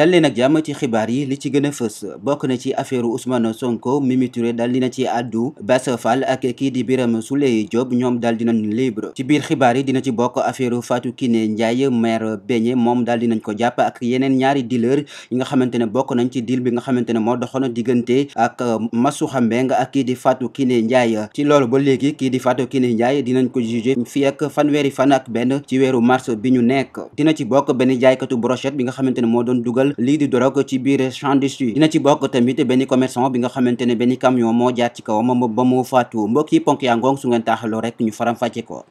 dal leen ak jàmm ci xibaar yi li ci gën a fës bokk na ci affaire Ousmane Sonko Mimi dal dina ci àddu Bassa Fall ak kii di Birame Souleye Diop ñoom dal dina ci ko jàpp ak yeneen ñaari dealer yi nga xamante ne bokk nañ ci deal bi nga xamante ne moo doxoon diggante ak Massouxa Mbeng ak kii di Fatou Kiné Ndiaye ci loolu ba léegi kii di Fatou Kiné Ndiaye dinañ ko jugé fii ak fanweeri fan ak benn ci weeru mars bi ñu nekk dina ci bokk benn jaaykatu brochette lii di doro drogue ci biir champ d'industrie dina ci bokk tamit benn commerçant bi nga xamante ne benn camion moo jaar ci kawam ba moo faatu mbokk yi ponk yaa ngoong su ngeen taaxaloo rek ñu faram fàcce ko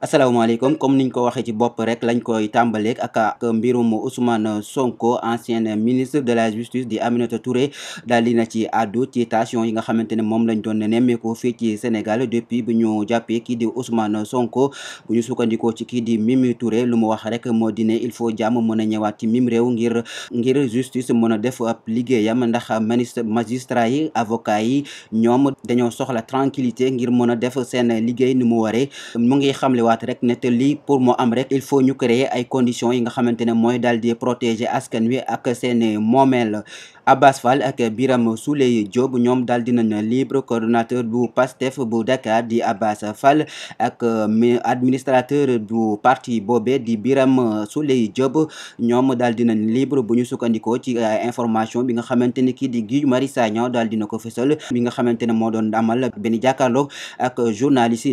asalaamaaleykum comme niñ ko waxee ci bopp rek lañ koy tàmbaleeg ak mbirum Ousmane Sonko ancien ministre de la justice di Aminata Touré daal di na ci àddu ci tension yi nga xamante ne moom lañ doon nemmeeku fii ci Sénégal depuis bu ñu jàppee kii di Ousmane Sonko bu ñu sukkandikoo ci kii di Mimi Touré lu mu wax rek moo di ne il faut jàmm mën a ñëwaat ci mim réew ngir ngir justice mën a def ab liggéeyam ndax ministre magistrat yi avocat yi ñoom dañoo soxla tranquillité ngir mën a def seen liggéey ni mu waree fàttaliwaat rek ne te lii pour moo am rek il faut ñu créer ay conditions yi nga xamante ne mooy daal di protéger askan wi ak seen moomeel Abbas Fall ak Birame Souleye Diop ñoom daal dinañ libre coordonnateur bu PASTEF bu Dakar di Abbas Fall ak euh, administrateur bu parti boobe di biram Souleye Diop ñoom daal dinañ libre bu ñu sukkandikoo ci euh, information bi nga xamante ne kii di Guy Marius daal dina ko fësal bi nga xamante ne moo doon amal benn jàkkaarloo ak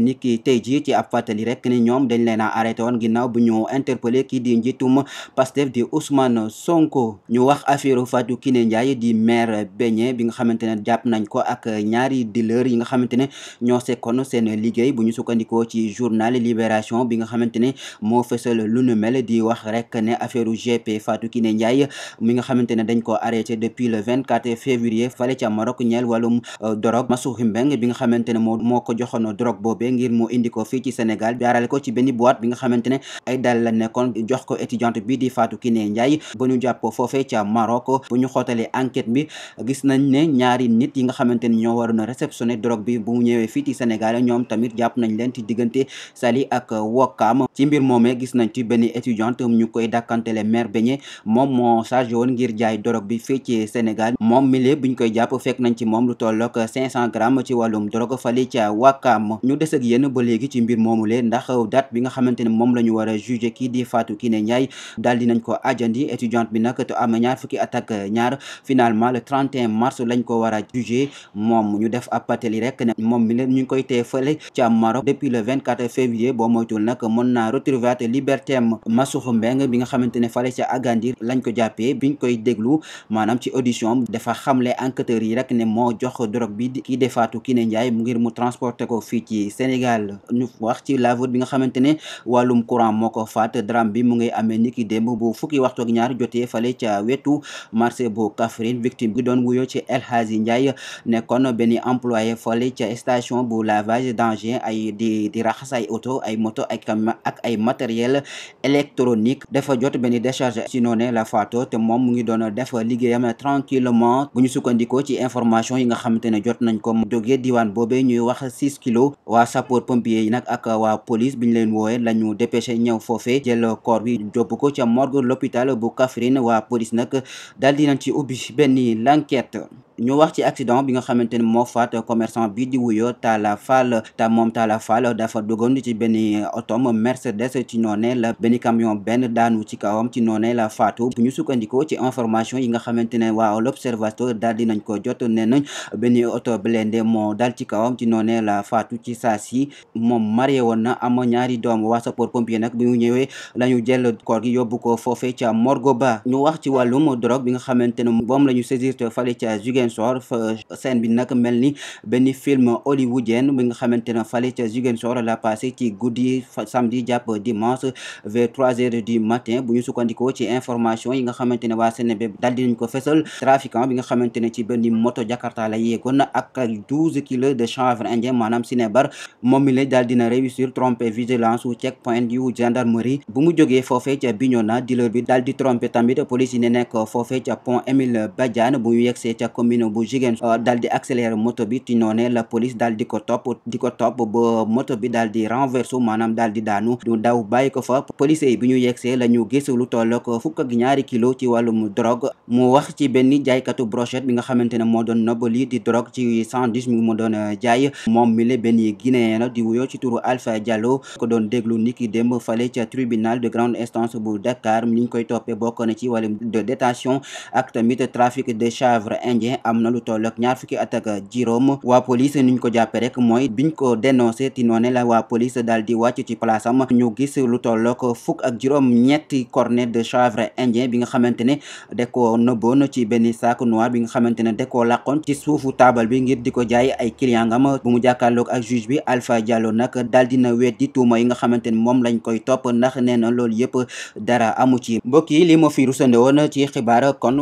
ni ki tey jii ci ab fàttali rek ni ñoom dañ leen a arrêté woon ginnaaw bu ñu interpellé kii di njiitum PASTEF di Ousmane Sonko ñu wax affaire Fatou Kiné Ndiaye Ndiaye di maire Beñe bi nga xamante ne jàpp nañ ko ak ñaari dealer yi nga xamante ne ñoo sekkoon seen liggéey bu ñu sukkandikoo ci journal Libération bi nga xamante ne moo fësal lu nu mel di wax rek ne affaire GP Fatou Kiné Ndiaye mi nga xamante ne dañ ko arrêté depuis le 24 février fale ca Maroc ñeel wàllum euh, drogue Massoukhi Mbeng bi nga xamante ne moo moo ko joxoon drogue boobee ngir mu indi ko fii ci Sénégal jaarale ko ci benn boîte bi nga xamante ne ay dal la nekkoon jox ko étudiante bi di Fatou Kiné Ndiaye ba ñu jàpp foofee ca Maroc bu ñu xootalee enquête bi gis nañ ne ñaari nit yi nga xamante ni ñoo war na réceptionné drogue bi bu mu ñëwee fii ci Sénégal ñoom tamit jàpp nañ leen ci diggante Saly ak Wokam ci mbir moomee gis nañ ci benn étudiante ñu koy dàkkantele maire beñe moom moo chargé woon ngir jaay drogue bi fii ci Sénégal moom milieu buñ koy jàpp fekk nañ ci moom lu tollook cent grammes ci wàllum drogue fali ca Wokam ñu des ak yéen ba léegi ci mbir lee ndax date bi nga xamante ne moom la ñu war a jugé kii di faatu ki ne ñaay daal dinañ ko ajandi étudiante bi nag te am ñaar fukki at ñaar finalement le 31 mars lañ ko war a jugé moom ñu def ab pàttali rek ne moom mi leen ñu ngi koy tee fële ca am Massoukh Mbeng bi nga xamante ne fale ca Agandir lañ ko jàppee biñ koy déglu maanaam ci audition dafa xamle enquêteurs yi rek ne moo jox drogue bi kii defaatu Kiné Ndiaye ngir mu transporter ko fii ci Sénégal ñu wax ci laveur bi nga xamante ne wàllum courant moo ko faat drame bi mu ngi amee niki démb bu fukki waxtu ak ñaar jotee fale ca wetu marché bu avril victime gi doon wuyoo ci El Hadji Ndiaye nekkoon benn employé fole ca station bu lavage d'engins ay di raxas ay auto ay moto ak ay matériel électronique defa jot benn décharge si noonu la faatoo te moom mu ngi doon def liggéeyam tranquillement bu ñu sukkandikoo ci information yi nga xamante ne jot nañ ko jógee diwaan boobee ñuy wax six kilos waa sapeur pompier yi nag ak waa police bi ñu leen wooyee la ñu dépêché ñëw foofee corps bi jóbbu ko ca bi benn yi l'enquête ñu wax ci accident bi nga xamante ni moo faat commerçant bi di wuyoo Talla Fall ta moom Talla Fall dafa duggoon ci benn otom Mercedes ci noonee la benn camion benn daanu ci kawam ci noonee la faatu bu ñu sukkandikoo ci information yi nga xamante ne waa l'observateur daal dinañ ko jot nee nañ benn oto blindé moo dal ci kawam ci noonee la faatu ci saa si moom marié woon na am ñaari doom waa sapeur pompier nag bi mu ñëwee la ñu jël koor gi ko foofee ca morgue ba ñu wax ci wàllum drogue bi nga xamante ne moom la ñu saisir fale ca Ziguinchor fa bi nag mel ni benn film hollywoodien bi nga xamante ne fale ca la passé ci guddi samedi jàpp dimanche vers trois heures du ci information yi nga xamante ne waa Senebeb daal dinañ ko fesal trafiquant bi nga xamante ne ci benn moto Jakarta la yéegoon ak douze kilos de chanvre indien maanaam sinébar moom mi la daal dina vigilance check point yu gendarmerie bu mu jógee foofee ca Bignona dealer bi daal di tromper police yi ne pont mino bu jigéen euh, daal di accélérer moto bi ci noonee la police daal di ko topp di ba moto bi daal di renversé maanaam daanu du daw ko fa police bi ñu yegsee la ñu gis lu toll ko fukk ak ñaari kilo ci wàllum drogue mu wax ci benn jaaykatu brochette bi nga xamante ne moo doon nob lii di drogue ci cent dix mi mu doon jaay moom mi la benn guinéen la di wuyoo ci turu Alpha Diallo ko doon déglu niki démb fale ca tribunal de grande instance bu Dakar li ñu koy toppee bokk na ci wàllum de détention am na lu toll ñaar fukki at ak juróom waa police niñ ko jàppe rek mooy biñ ko dénoncé ti noone la waa police daal di wàcc ci place am ñu gis lu toll ak fukk ak juróom ñetti cornet de chèvre indien bi nga xamante ne da koo nëbboon ci benn sac noir bi nga xamante ne da koo làqoon ci suufu taabal bi ngir di ko jaay ay client ngam bu mu jàkkaarloog ak juge bi Alpha jalo nag daal dina weddi tuuma yi nga xamante ne moom lañ koy topp ndax nee na loolu yëpp dara amu ci mbokk yi li moo fi rusande woon ci xibaar kon